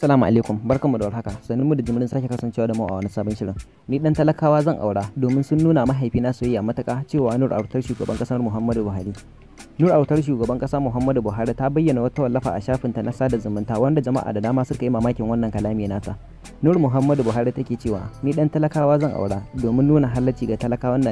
Assalamu alaikum barkanmu da warhaka sanin mu da jimirin sake kasancewa da mu a wani sabon shirin ni dan talakawa zan aura domin sun nuna mahaifina soyayya mataka cewa nur autar shugaban kasar Muhammadu Buhari nur autar shugaban kasa Muhammadu Buhari ta bayyana wata wallafa a shafin ta na sada zumunta wanda jama'a da dama suka yi mamakin wannan kalami nata nur Muhammadu Buhari take cewa ni dan talakawa zan aura domin nuna halacci ga talakawan